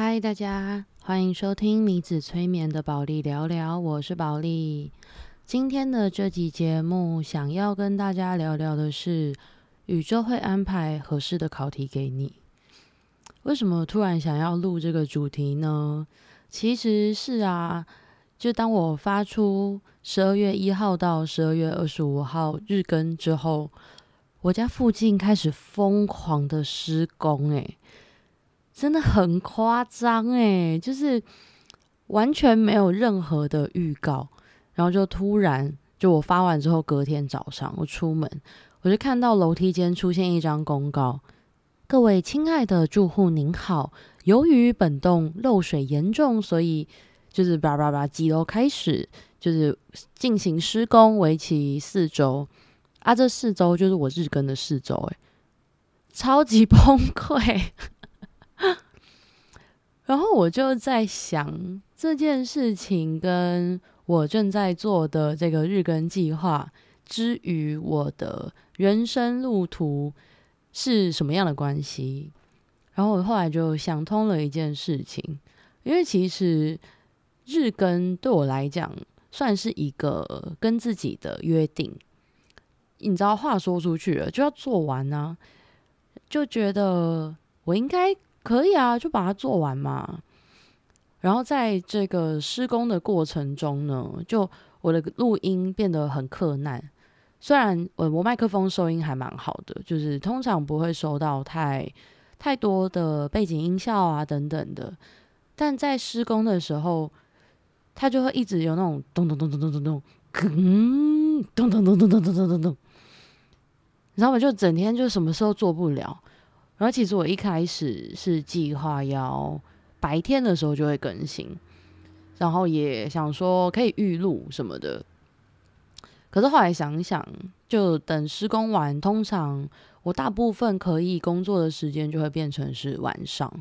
嗨，大家，歡迎收聽米子催眠的保利聊聊，我是保利。今天的這集節目，想要跟大家聊聊的是，宇宙會安排合適的考題給你。為什麼突然想要錄這個主題呢？其實是啊，就當我發出十二月一號到十二月二十五號日更之後，我家附近開始瘋狂的施工誒、欸。真的很誇張誒，就是完全沒有任何的預告，然後就突然就我發完之後，隔天早上我出門，我就看到樓梯間出現一張公告：“各位親愛的住戶您好，由於本棟漏水嚴重，所以就是叭叭叭幾樓開始就是進行施工，為期四週啊，這四週就是我日更的四週誒、欸，超級崩潰。”然後我就在想這件事情跟我正在做的這個日更計劃，之於我的人生路途是什麼樣的關係？然後我後來就想通了一件事情，因為其實日更對我來講算是一個跟自己的約定，你知道，話說出去了就要做完啊，就覺得我應該。可以啊，就把它做完嘛。然後在這個施工的過程中呢，就我的錄音變得很克難。雖然我我麥克風收音還蠻好的，就是通常不會收到太太多的背景音效啊等等的，但在施工的時候，它就會一直有那種咚咚咚咚咚咚咚，咚咚咚咚咚咚咚咚咚，然後我就整天就什麼事都做不了。然後其實我一開始是計劃要白天的時候就會更新，然後也想說可以預錄什麼的。可是後來想想，就等施工完，通常我大部分可以工作的時間就會變成是晚上，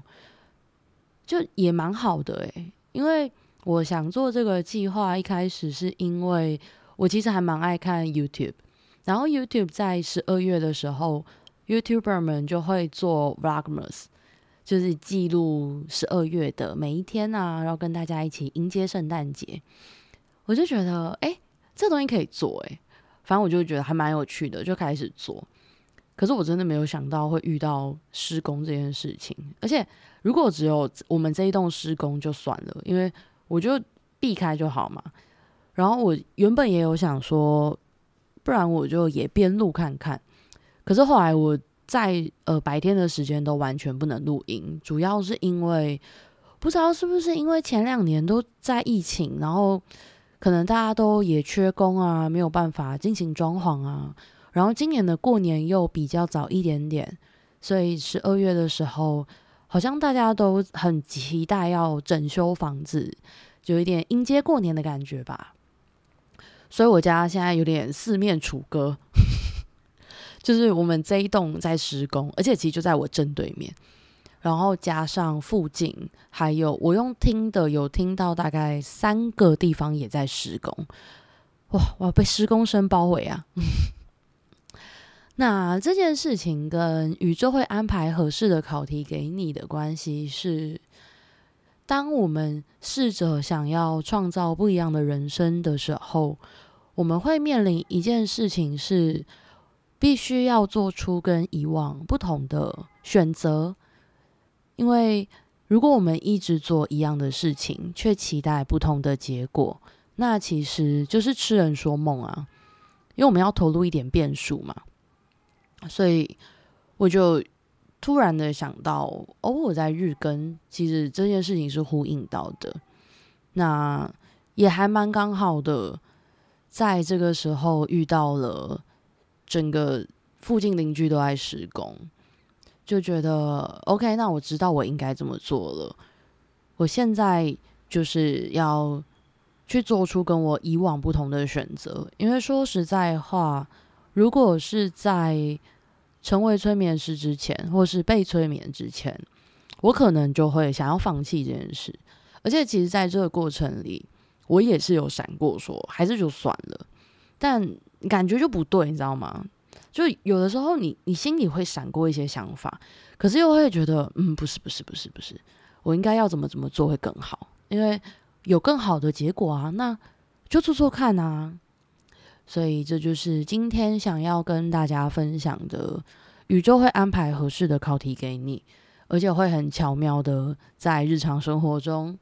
就也蠻好的誒、欸，因為我想做這個計劃，一開始是因為我其實還蠻愛看 YouTube，然後 YouTube 在十二月的時候。YouTuber 們就會做 Vlogmas，就是記錄十二月的每一天啊，然後跟大家一起迎接聖誕節。我就覺得，哎、欸，這個東西可以做欸，誒，反正我就覺得還蠻有趣的，就開始做。可是我真的沒有想到會遇到施工這件事情。而且，如果只有我們這一棟施工就算了，因為我就避開就好嘛。然後我原本也有想說，不然我就也邊錄看看。可是後來我在呃白天的時間都完全不能錄音，主要是因為不知道是不是因為前兩年都在疫情，然後可能大家都也缺工啊，沒有辦法進行裝潢啊。然後今年的過年又比較早一點點，所以十二月的時候，好像大家都很期待要整修房子，就有一點迎接過年的感覺吧。所以我家現在有點四面楚歌。就是我們這一棟在施工，而且其實就在我正對面。然後加上附近，還有我用聽的有聽到大概三個地方也在施工。哇，我要被施工聲包圍啊！ 那這件事情跟宇宙會安排合適的考題給你的關係是：當我們試着想要創造不一樣的人生的時候，我們會面臨一件事情是。必須要做出跟以往不同的選擇，因為如果我們一直做一樣的事情，卻期待不同的結果，那其實就是痴人說夢啊！因為我們要投入一點變數嘛，所以我就突然的想到，哦，我在日更，其實這件事情是呼應到的，那也還蠻剛好的，在這個時候遇到了。整個附近鄰居都在施工，就覺得 OK。那我知道我應該怎麼做了。我現在就是要去做出跟我以往不同的選擇，因為說實在話，如果是在成為催眠師之前，或是被催眠之前，我可能就會想要放棄這件事。而且，其實在這個過程裡，我也是有閃過說，還是就算了。但感覺就不對，你知道嗎？就有的時候你，你你心裡會閃過一些想法，可是又會覺得，嗯，不是，不是，不是，不是，我應該要怎麼怎麼做會更好？因為有更好的結果啊，那就做做看啊。所以這就是今天想要跟大家分享的：宇宙會安排合適的考題給你，而且會很巧妙的在日常生活中。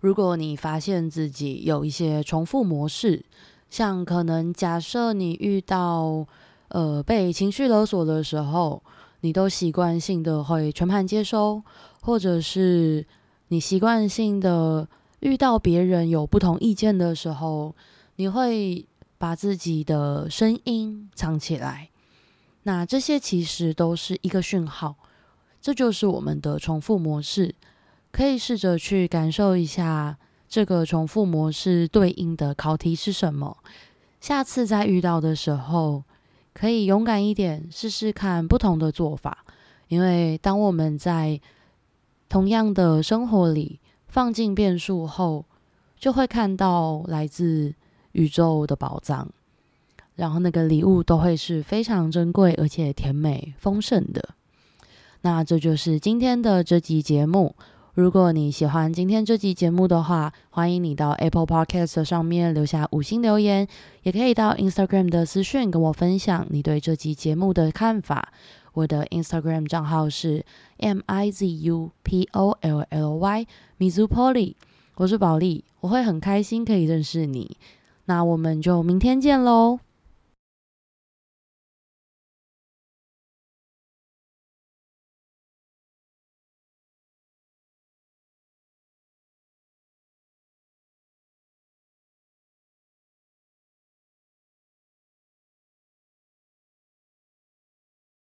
如果你發現自己有一些重複模式，像可能假設你遇到呃被情緒勒索的時候，你都習慣性的會全盤接收，或者是你習慣性的遇到別人有不同意見的時候，你會把自己的聲音藏起來。那這些其實都是一個訊號，這就是我們的重複模式。可以試着去感受一下。這個重複模式對應的考題是什麼？下次再遇到的時候，可以勇敢一點試試看不同的做法。因為當我們在同樣的生活裡放進變數後，就會看到來自宇宙的寶藏。然後那個禮物都會是非常珍貴而且甜美豐盛的。那這就是今天的這集節目。如果你喜歡今天這集節目的話，歡迎你到 Apple Podcast 上面留下五星留言，也可以到 Instagram 的私訊跟我分享你對這集節目的看法。我的 Instagram 賬號是 M I Z U P O L L Y，Mizu Polly，我是寶莉，我會很開心可以認識你。那我們就明天見嘍！